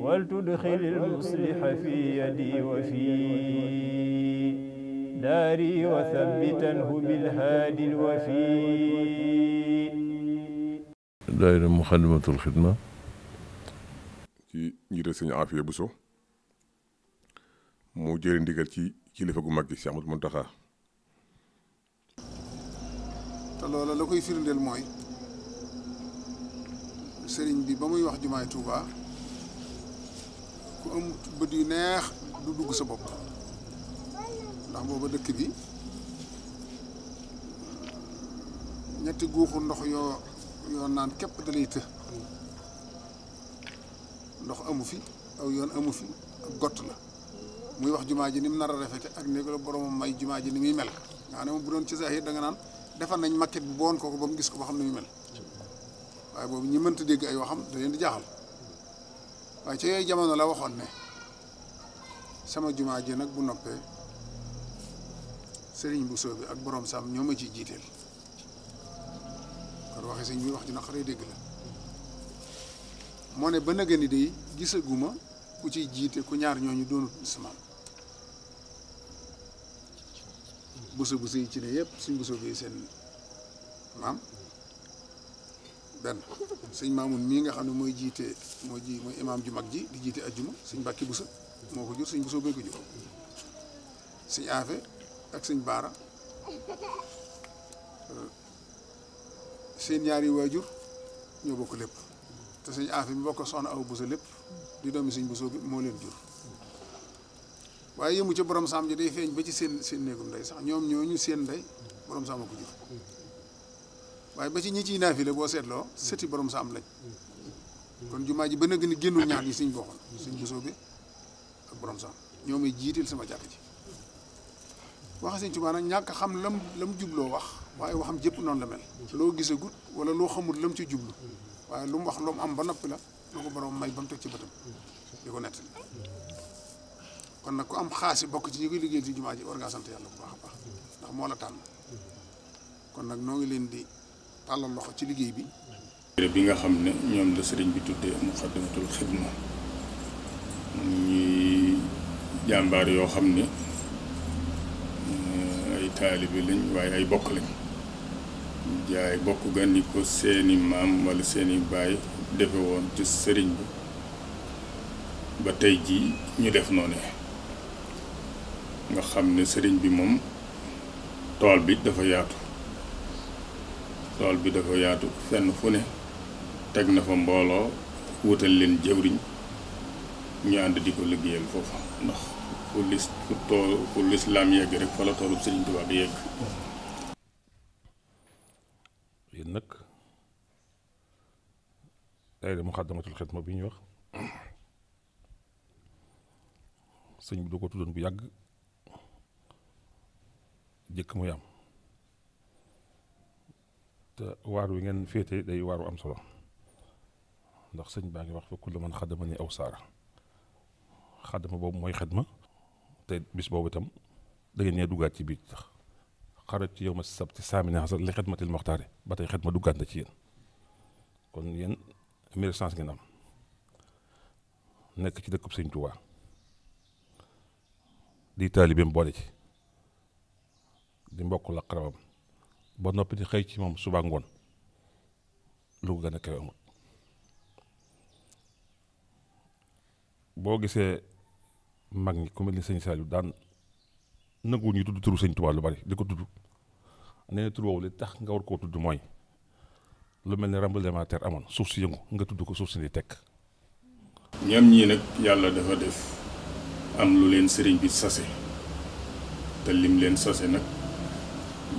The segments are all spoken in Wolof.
ولتدخل المصلح في يدي وفي داري وثبتنه بالهادي الوفي دائرة مخدمة الخدمة ci njiital sëñ Afia Bousso mu jëri ndigal ci kilifa gu mag gi Cheikh Ahmadou Mountakha te loola la koy firndeel mooy sëriñ bi ba muy wax jumaay Touba ku am bët yu neex du dugg sa bopp ndax booba dëkk bi ñetti guuxu ndox yoo yoon naan képp da lay të ndox amu fi aw yoon amu fi ak gott la muy wax jumaa ji ni mu nar a rafete ak ni ko may jumaa ji ni muy mel nga xam ne moom bu doon ci zahir da nga naan defar nañ maquette bu boon ko ba mu gis ko ba xam ne muy mel waaye boobu ñi mënta dégg ay waxam da leen di jaaxal waaye ci yooyu jamono la waxoon ne sama jumaa ji nag bu noppee sëriñ bu bi ak borom sam ñoo ma ciy jiiteel kon waxe sëñ bi wax ju xare dégg la moo ne ba nëgëni day gisaguma ku ci jiite ku ñaar ñu doonut ismaam buso buso yi ci ne yëpp suñ buso bi seen maam benn sëñ Maamun mii nga xam ne mooy jiite mooy ji mooy imaam ju mag ji di jiite ajjuma suñ Mbàkke Buso moo ko jur sëñ Buso bee ko jur sëñ Aafe ak sëñ Baara seen ñaari waajur ñoo bokk lépp te sëñ Aafe mi bokk soxna aw Buso lépp di doomi sëñ Buso bi moo leen jur waaye yëmu ca borom saam ji day feeñ ba ci seen seen néegum ndey sax ñoom ñooñu seen ndey borom saama ko jur waaye ba ci ñi ciy naafile boo seetloo sëti borom sa am lañ kon jumaa ji ba na gën a génnul ñaar suñ bokkoon suñ bosoo bi ak borom sa am ñoo may jiital sama jàkk ji waxe sëñ Tuubaa nag ñàkk xam lam lam jubloo wax waaye waxam jépp noonu la mel loo gisagut wala loo xamut mu ci jublu waaye lu mu wax lu mu am ba noppi la lu ko borom may ba mu teg ci bëtam di ko nettali kon nag ku am xaasi bokk ci ñi koy liggéeyal ci jumaa ji war ngaa yàlla bu baax a baax ndax nag noo ngi tàllal loxo ci liggéey bi. bi nga xam ne ñoom la sëriñ bi tuddee muqaddamatul xidma ñuy jàmbaar yoo xam ne eh, ay taalibe lañ waaye ay bokk lañ jaay bokk gandi ko seeni maam wala seeni baay defe woon ci sëriñ bi ba tey jii ñu def noone nga xam ne sëriñ bi moom tool bi dafa yaatu tool bi dafa yaatu fenn fu ne teg na fa mbooloo wutal leen jëwriñ ñu ànd di ko liggéeyal foofu ndax fu lis fu tool fu lislaam yegg rek fa la toolub Sëriñ Tuubaa bi yegg yéen nag daayira Muxaddamatul Xidma bi ñu wax sëñ bi da ko tuddoon bu yàgg jëkk mu yam te waar wi ngeen féete day waaru am solo ndax sëñ baa ngi wax fa kullu man xadama ni aw saara xadama boobu mooy xadma te bis boobu itam da ngeen ñee duggaat ci biir tax xarat ci yow ma sabti saamina xasal li xidmatil moxtaare ba tey xidma duggaat na ci yéen kon yéen mille chance ngeen am nekk ci dëkkub sëñ Tuubaa di taalibeem boole ci di mbokk la ba noppi di xëy ci moom suba ngoon lu ko gën a boo gisee mag ñi ku mel ni sëñ Saliou daan nanguwu ñu tudd turu sëñ Tuubaa lu bari di ko tudd nee na tur li tax nga war koo tudd mooy lu mel ne tremblement de terre amoon suuf si yëngu nga tudd ko suuf si di tekk ñoom ñii nag yàlla dafa def am lu leen sëriñ bi sase te lim leen sase nag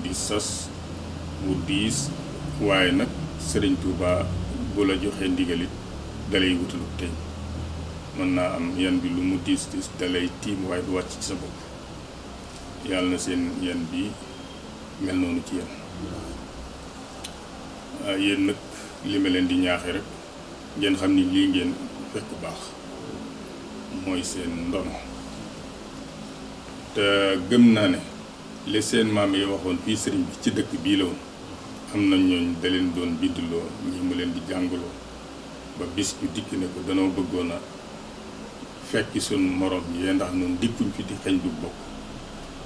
di sas bu diis waaye nag sëriñ Touba bu la joxee ndigalit dalay wutalu tey mën naa am yan bi lu mu diis diis dalay tiim waaye du wàcc ci sa bopp yàlla na seen yan bi mel noonu ci yéen ah, yéen nag li ma leen di ñaaxee rek ngeen xam ni lii ngeen fekk baax mooy seen ndono te gëm naa ne li seen maam yi waxoon fii sëriñ bi ci dëkk bii la woon am na ñooñ da leen doon bindloo ñii mu leen di jàngaloo ba bis bu dikk ne ko danoo bëggoon a fekki sunu moroom yee ndax noonu dikkuñ fi di xañ du bokk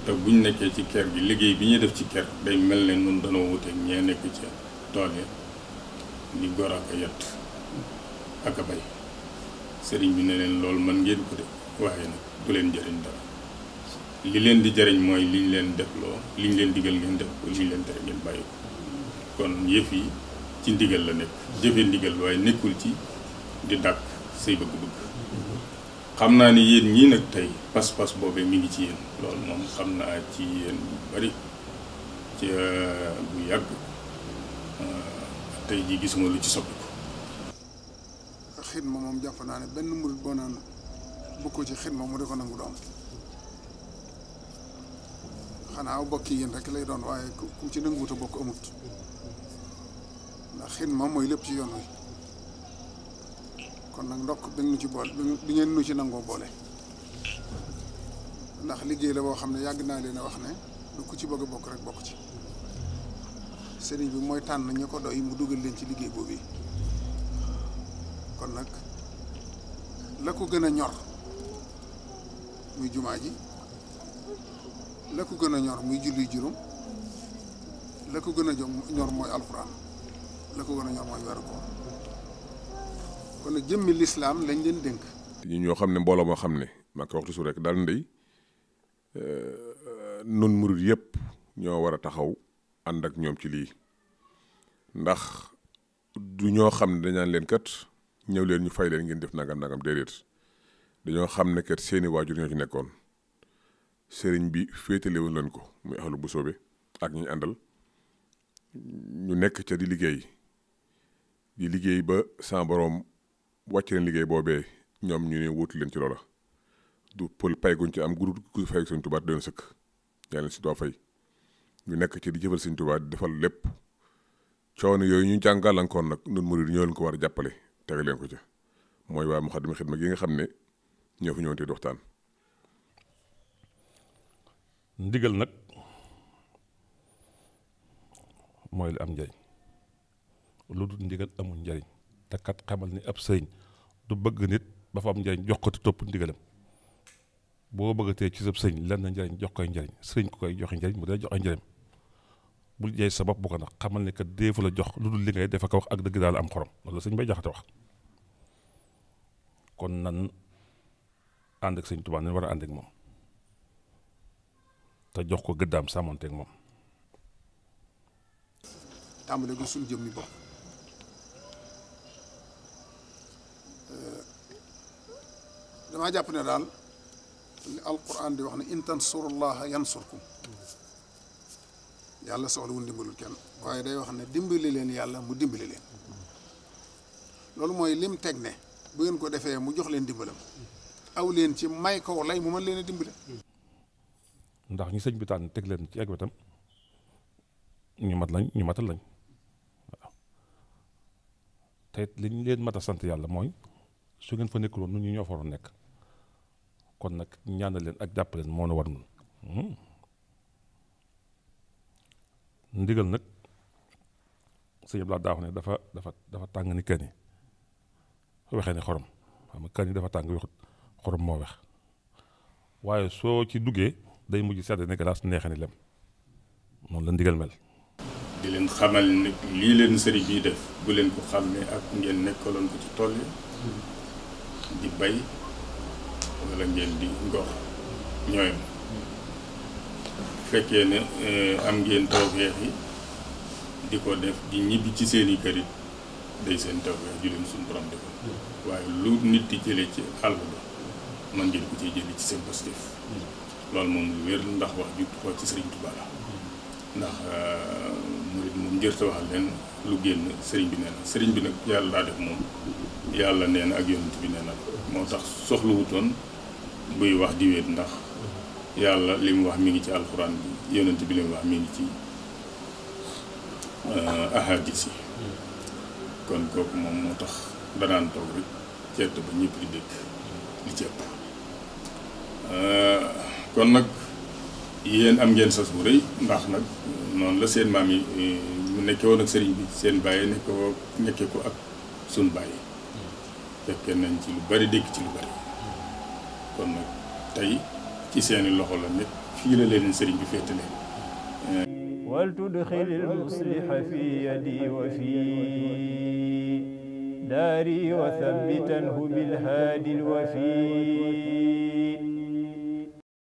te buñ nekkee ci ker gi liggéey bi ñuy def ci kër day mel ne noonu danoo wuteeg ñee nekk ci tool yi di gor ak a yett ak a bay sëriñ bi ne leen lool man ngeen ko de waaye nag du leen jëriñ dara li leen di jariñ mooy liñ leen def loo liñ leen digal ngeen def ko liñ leen tere ngeen bàyyi ko kon yëf yi ci ndigal la nekk jëfe ndigal waaye nekkul ci di dàkk say bëgg-bëgg xam naa ni yéen ñii nag tey pas-pas boobee mi ngi ci yéen loolu moom xam naa ci yéen bu bari ci euh, bu yàgg euh, tey ji gisuma lu ci soppiku xidma moom jàpp naa ne benn murit boo naan bokkoo ci xidma mu di ko nangu du xanaa aw bokk yi yéen rek lay doon waaye ku ci nanguwut a bokk amut ndax xin moom mooy lépp ci yoon wi kon nag ndokk bi nu ci boole bi ngeen nu ci nangoo boole ndax liggéey la boo xam ne yàgg naa leen a wax ne lu ku ci bëgg a bokk rek bokk ci sëriñ bi mooy tànn ñu ko doy mu dugal leen ci liggéey boobu kon nag la ko gën a ñor muy jumaa ji la ko gën a ñor muy julli juróom la ko gën a ñor mooy alxuraan la ko gën a ñor mooy weeru koor kon nag jëmmi lislaam lañ leen dénk. ñu ñoo xam ne mbooloo moo xam ne maa ko waxtu su rek daal ndey euh, nun murit yëpp ñoo war a taxaw ànd ak ñoom ci lii ndax du ñoo xam ne dañaan leen kat ñëw leen ñu fay leen ngeen def nagam nagam déedéet dañoo xam ne kat seeni waajur ñoo ci nekkoon. sëriñ bi féetale woon lan ko muy axalu bu soobe ak ñi àndal ñu nekk ca di liggéey di liggéey ba sa boroom wàcc leen liggéey boobee ñoom ñu ne wóotu leen ci loola du pël pay guñ ci am gurut gu fay sëñ Tuubaa doon sëkk yaa leen si doo fay ñu nekk ci di jëfal sëñ Tuubaa defal lépp coono yooyu ñu jàngalankoon nag nun murid ñoo leen ko war a jàppale tegal ko ca mooy waa Muxaddamatul Xidma gi nga xam ne ñoo fi ñëwante doxtaan ndigal nag mooy li am njariñ lu dul ndigal amul njariñ te xamal ni ab sëriñ du bëgg nit ba fa am njariñ jox ko te topp ndigalam boo bëggatee ci sab sëriñ lan na njariñ jox koy njariñ sëriñ ku koy joxe njariñ mu dee jox ay njariñ bul jeey sa bopp bu ko nag xamal ne kat déefu la jox lu dul li ngay defa ko wax ak dëgg daal am xorom loolu sëñ bay jaxate wax kon nan ànd ak sëñ Tuubaa nañ war a ànd ak moom te jox ko gëddaam sàmmanteeg moom. tàmbale ko suñu jëmmi bopp euh, damaa jàpp ne daal li alquran di wax ne in tansurullaha yansurkum yàlla soxlawul ndimbalul kenn waaye day wax ne dimbali leen yàlla mu dimbali leen loolu mooy lim teg ne bu ngeen ko defee mu jox leen dimbalam aw leen ci may kaw lay mu mën leen a ndax ñu sëñ bi tànn teg leen ci ak wetam ñu mat lañ ñu matal lañ waaw te it li leen mat a sant yàlla mooy su ngeen fa nekkuloon nu ñu ñoo faroon nekk kon nag ñaanal leen ak jàppaleen moo na war hmm. ndigal nag sëñ Abdoulaye daa dafa dafa dafa tàng ni kani waxee ne xorom xam nga kani dafa tàng xorom moo wex waaye soo ci duggee day mujj sedd ne galaas neexe ni lem noonu la ndigal mel di leen xamal ne lii leen sëriñ bi def bu leen ko xam ne ak ngeen nekkaloon ko ci tool yi di bay wala ngeen di ngox ñooyam fekkee ne eh, am ngeen tawfeex yi di ko def di ñibbi ci seeni kër day seen tawfeex ju leen suñu borom waaye lu nit di jëlee ci àll ba man ngeen ko cee jëlee ci seen positif loolu moom wér ndax wax ju ko ci sëriñ Tuubaa ndax euh, murid moom njërte waxal leen lu génn sëriñ bi nee na sëriñ bi nag yàlla daa def moom yàlla nee ak yonent bi nee na moo tax soxlawutoon buy wax di ndax yàlla li mu wax mi ngi ci alxuraan bi yonent bi li wax mi ngi ci euh, ahadis yi kon kooku moom moo tax danaan toog rek ba ñëpp di li ci kon nag yéen am ngeen sas bu rëy ndax nag noonu la seen maam yi mu eh, woon ak sëriñ bi seen bàyyi nekke ko nekkee ko ak suñ bàyyi fekkee nañ ci lu bari dégg ci lu bari kon nag tey ci seeni loxo la nekk fii la leen sëriñ bi féetale wal tudxil musliha fi yadi wa fi daari wa thabbitanhu bilhaadi alwafi